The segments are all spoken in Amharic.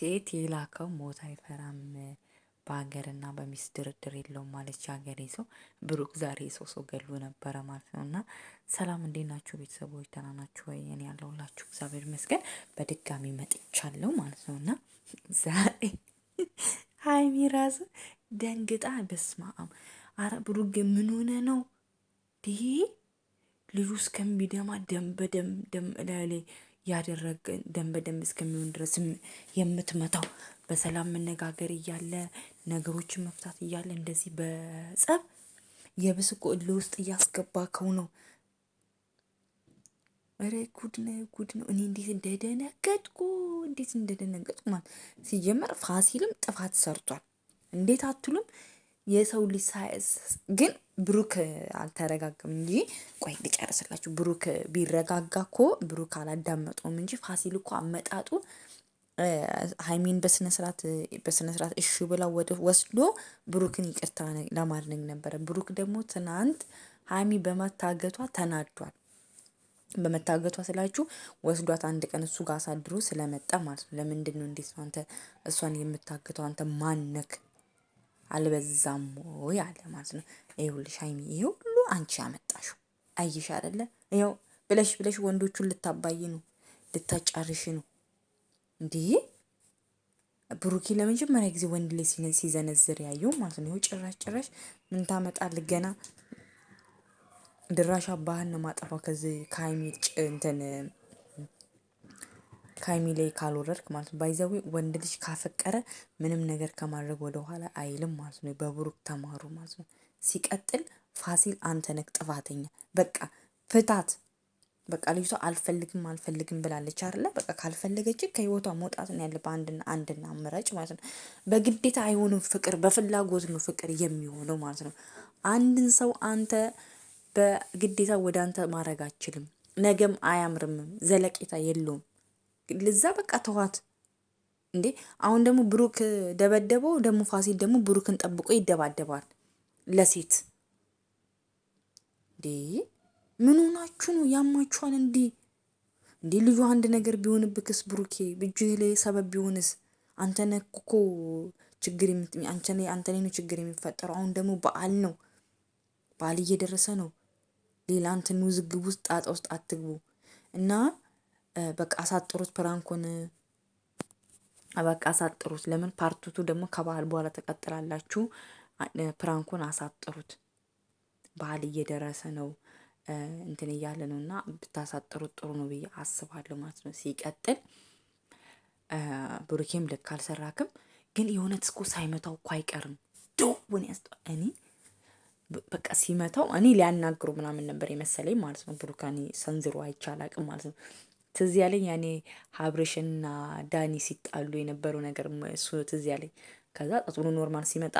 ሴት የላከው ሞት አይፈራም። በሀገርና በሚስት ድርድር የለውም ማለች ሀገሬ ሰው። ብሩክ ዛሬ ሰው ሰው ገሉ ነበረ ማለት ነው። እና ሰላም እንዴት ናችሁ ቤተሰቦች? ደህና ናችሁ ወይ? እኔ ያለሁላችሁ እግዚአብሔር ይመስገን በድጋሚ መጥቻለሁ ማለት ነው። እና ዛሬ ሀይሚ ራስ ደንግጣ በስማም። አረ ብሩክ ምን ሆነ ነው? ልጁ እስከሚደማ ደም በደም ደም እላሌ ያደረገ ደም በደም እስከሚሆን ድረስ የምትመታው በሰላም መነጋገር እያለ ነገሮችን መፍታት እያለ እንደዚህ በጸብ የብስቁ እልህ ውስጥ እያስገባከው ነው። ኧረ ጉድ ነው ጉድ ነው። እኔ እንዴት እንደደነገጥኩ እንዴት እንደደነገጥኩ ማለት ሲጀመር ፋሲልም ጥፋት ሰርቷል። እንዴት አትሉም? የሰው ልጅ ግን ብሩክ አልተረጋጋም እንጂ ቆይ ልጨርስላችሁ። ብሩክ ቢረጋጋ እኮ ብሩክ አላዳመጠውም እንጂ ፋሲል እኮ አመጣጡ ሀይሚን በስነስርዓት እሺ ብላ ወደ ወስዶ ብሩክን ይቅርታ ለማድረግ ነበረ። ብሩክ ደግሞ ትናንት ሀይሚ በመታገቷ ተናዷል። በመታገቷ ስላችሁ ወስዷት አንድ ቀን እሱ ጋር አሳድሮ ስለመጣ ማለት ነው። ለምንድን ነው እንዴት ነው አንተ እሷን የምታገተው አንተ ማነክ አልበዛም ወይ አለ ማለት ነው። ይኸውልሽ ሀይሚ ይሄ ሁሉ አንቺ ያመጣሽው አይሽ አይደለ ይኸው ብለሽ ብለሽ ወንዶቹን ልታባይ ነው ልታጫርሽ ነው እንዴ? ብሩኬ ለመጀመሪያ ጊዜ ወንድ ላይ ሲዘነዝር ያየው ማለት ነው። ጭራሽ ጭራሽ ምን ታመጣልህ ገና ድራሻ ባህን ነው ማጠፋው ከዚህ ከሀይሚ እንትን ካይሚ ላይ ካልወረድክ ማለት ነው። ባይዘዊ ወንድ ልጅ ካፈቀረ ምንም ነገር ከማድረግ ወደኋላ አይልም ማለት ነው። በብሩክ ተማሩ ማለት ነው። ሲቀጥል ፋሲል አንተ ጥፋተኛ። በቃ ፍታት። በቃ ልጅቷ አልፈልግም አልፈልግም ብላለች አይደለ? በቃ ካልፈለገች ከህይወቷ መውጣት ነው ያለበት። አንድና አንድና አምራጭ ማለት ነው። በግዴታ አይሆንም ፍቅር፣ በፍላጎት ነው ፍቅር የሚሆነው ማለት ነው። አንድን ሰው አንተ በግዴታ ወደ አንተ ማድረግ አችልም። ነገም አያምርምም፣ ዘለቄታ የለውም። ለዛ በቃ ተዋት እንዴ። አሁን ደግሞ ብሩክ ደበደበው። ደግሞ ፋሲል ደግሞ ብሩክን ጠብቆ ይደባደባል ለሴት እንዴ። ምን ሆናችሁ ነው ያማችኋል እንዴ? እንዴ ልዩ አንድ ነገር ቢሆንብክስ ብሩኬ ብጁ ላይ ሰበብ ቢሆንስ? አንተነ እኮ ችግር አንተ ላይ ነው ችግር የሚፈጠረው። አሁን ደግሞ በዓል ነው፣ በዓል እየደረሰ ነው። ሌላ እንትን ውዝግብ ውስጥ ጣጣ ውስጥ አትግቡ እና በቃ አሳጥሩት፣ ፕራንኩን በቃ አሳጥሩት። ለምን ፓርቱቱ ደግሞ ከባህል በኋላ ተቀጥላላችሁ። ፕራንኩን አሳጥሩት። ባህል እየደረሰ ነው እንትን እያለ ነው እና ብታሳጥሩት ጥሩ ነው ብዬ አስባለሁ ማለት ነው። ሲቀጥል ብሩኬም ልክ አልሰራክም፣ ግን የሆነ እስኮ ሳይመታው እኮ አይቀርም። ደውን ያስጠ እኔ በቃ ሲመታው እኔ ሊያናግሩ ምናምን ነበር የመሰለኝ ማለት ነው። ብሩካኔ ሰንዝሮ አይቻላቅም ማለት ነው። ትዝ ያለኝ ያኔ ሀብሬሽንና ዳኒ ሲጣሉ የነበረው ነገር እሱ ትዝ ያለኝ። ከዛ ብሩ ኖርማል ሲመጣ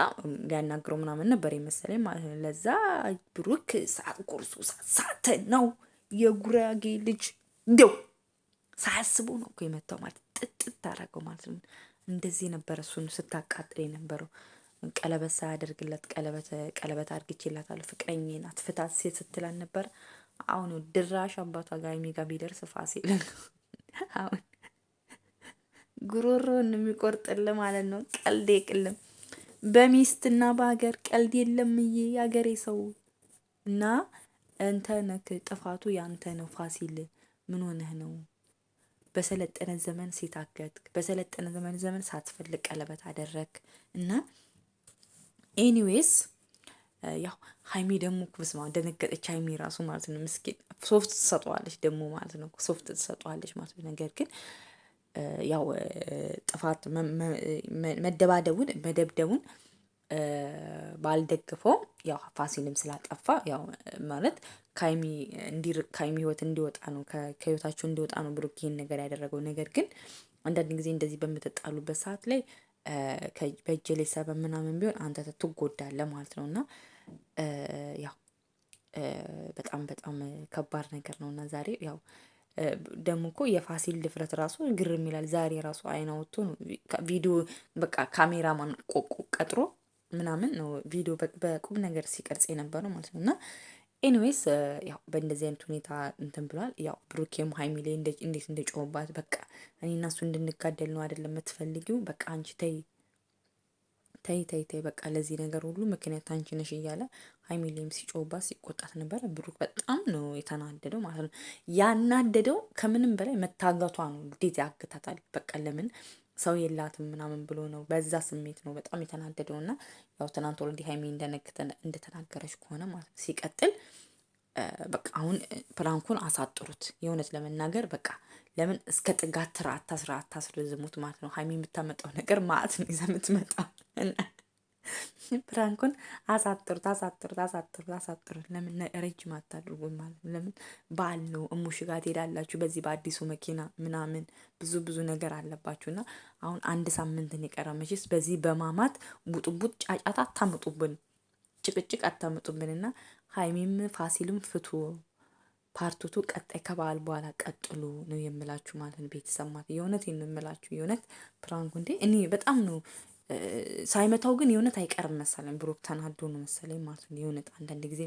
ሊያናግረው ምናምን ነበር የመሰለኝ ማለት ነው። ለዛ ብሩክ ሰዓት ቁርሱ ሳተ ነው የጉራጌ ልጅ እንደው ሳያስበው ነው እኮ የመታው ማለት ጥጥት አደረገው ማለት ነው። እንደዚህ ነበረ እሱን ስታቃጥል የነበረው ቀለበት ሳያደርግለት ቀለበት ቀለበት አድርግቼላታለሁ ፍቅረኛ ናት ፍታት ሴት ስትላል ነበር። አሁን ድራሽ አባቷ ጋር የሚጋ ቢደርስ ፋሲል አሁን ጉሮሮን የሚቆርጥል ማለት ነው። ቀልድ የቅልም በሚስትና በሀገር ቀልድ የለም። እዬ የሀገሬ ሰው እና እንተ ነክ ጥፋቱ ያንተ ነው። ፋሲል ምን ሆነህ ነው? በሰለጠነ ዘመን ሴት አገትክ። በሰለጠነ ዘመን ዘመን ሳትፈልግ ቀለበት አደረክ እና ኤኒዌይስ ያው ሀይሜ ደግሞ ኩብስ ደነገጠች። ሀይሜ ራሱ ማለት ነው ምስኪን ሶፍት ትሰጠዋለች ደግሞ ማለት ነው ሶፍት ትሰጠዋለች ማለት ነው። ነገር ግን ያው ጥፋት መደባደቡን መደብደቡን ባልደግፈው ያው ፋሲልም ስላጠፋ ያው ማለት ከሀይሚ እንዲርቅ ከሀይሚ ህይወት እንዲወጣ ነው ከህይወታቸው እንዲወጣ ነው ብሩክ ይህን ነገር ያደረገው። ነገር ግን አንዳንድ ጊዜ እንደዚህ በምትጣሉበት ሰዓት ላይ በእጅ ላይ ሰበብ ምናምን ቢሆን አንተ ትጎዳለህ ማለት ነው እና ያው በጣም በጣም ከባድ ነገር ነው እና ዛሬ ያው ደግሞ እኮ የፋሲል ድፍረት ራሱ ግርም ይላል። ዛሬ ራሱ አይናወቶ ነው ቪዲዮ በቃ ካሜራማን ቀጥሮ ምናምን ነው ቪዲዮ በቁም ነገር ሲቀርጽ የነበረው ማለት ነው። እና ኤኒዌይስ ያው በእንደዚህ አይነት ሁኔታ እንትን ብሏል። ያው ብሩኬም ሀይሚ ላይ እንዴት እንደጮሁባት በቃ እኔ እና እሱ እንድንጋደል ነው አይደለም የምትፈልጊው፣ በቃ አንቺ ተይ ተይ ተይ ተይ በቃ ለዚህ ነገር ሁሉ ምክንያት አንቺ ነሽ እያለ ሀይሚ ሲጮባ ሲቆጣት ነበረ። ብሩክ በጣም ነው የተናደደው ማለት ነው። ያናደደው ከምንም በላይ መታገቷ ነው። እንዴት ያግታታል? በቃ ለምን ሰው የላትም ምናምን ብሎ ነው። በዛ ስሜት ነው በጣም የተናደደው እና ያው ትናንት ወልዲ ሀይሚ እንደተናገረች ከሆነ ማለት ነው። ሲቀጥል በቃ አሁን ፕራንኩን አሳጥሩት። የእውነት ለመናገር በቃ ለምን እስከ ጥጋት ስራ አታስራ አታስረዝሙት ማለት ነው። ሀይሚ የምታመጣው ነገር ማለት ነው ይዛ እና ፕራንኩን አሳጥሩት አሳጥሩት አሳጥሩት አሳጥሩት። ለምን ረጅም አታድርጉም? ማለት ለምን በዓል ነው እሙሽ ጋር ትሄዳላችሁ፣ በዚህ በአዲሱ መኪና ምናምን ብዙ ብዙ ነገር አለባችሁና አሁን አንድ ሳምንትን የቀረ መቼስ በዚህ በማማት ቡጥቡጥ ጫጫታ አታምጡብን፣ ጭቅጭቅ አታምጡብንና ሀይሚም ፋሲልም ፍቱ። ፓርቱቱ ቀጣይ ከበዓል በኋላ ቀጥሉ ነው የምላችሁ ማለት ነው። ቤተሰብ ማለት የእውነት የምላችሁ የእውነት ፕራንኩ እንዴ እኔ በጣም ነው ሳይመታው ግን የእውነት አይቀርም መሰለኝ ብሩክ ተናዶ ነው መሰለኝ ማለት ነው የእውነት አንዳንድ ጊዜ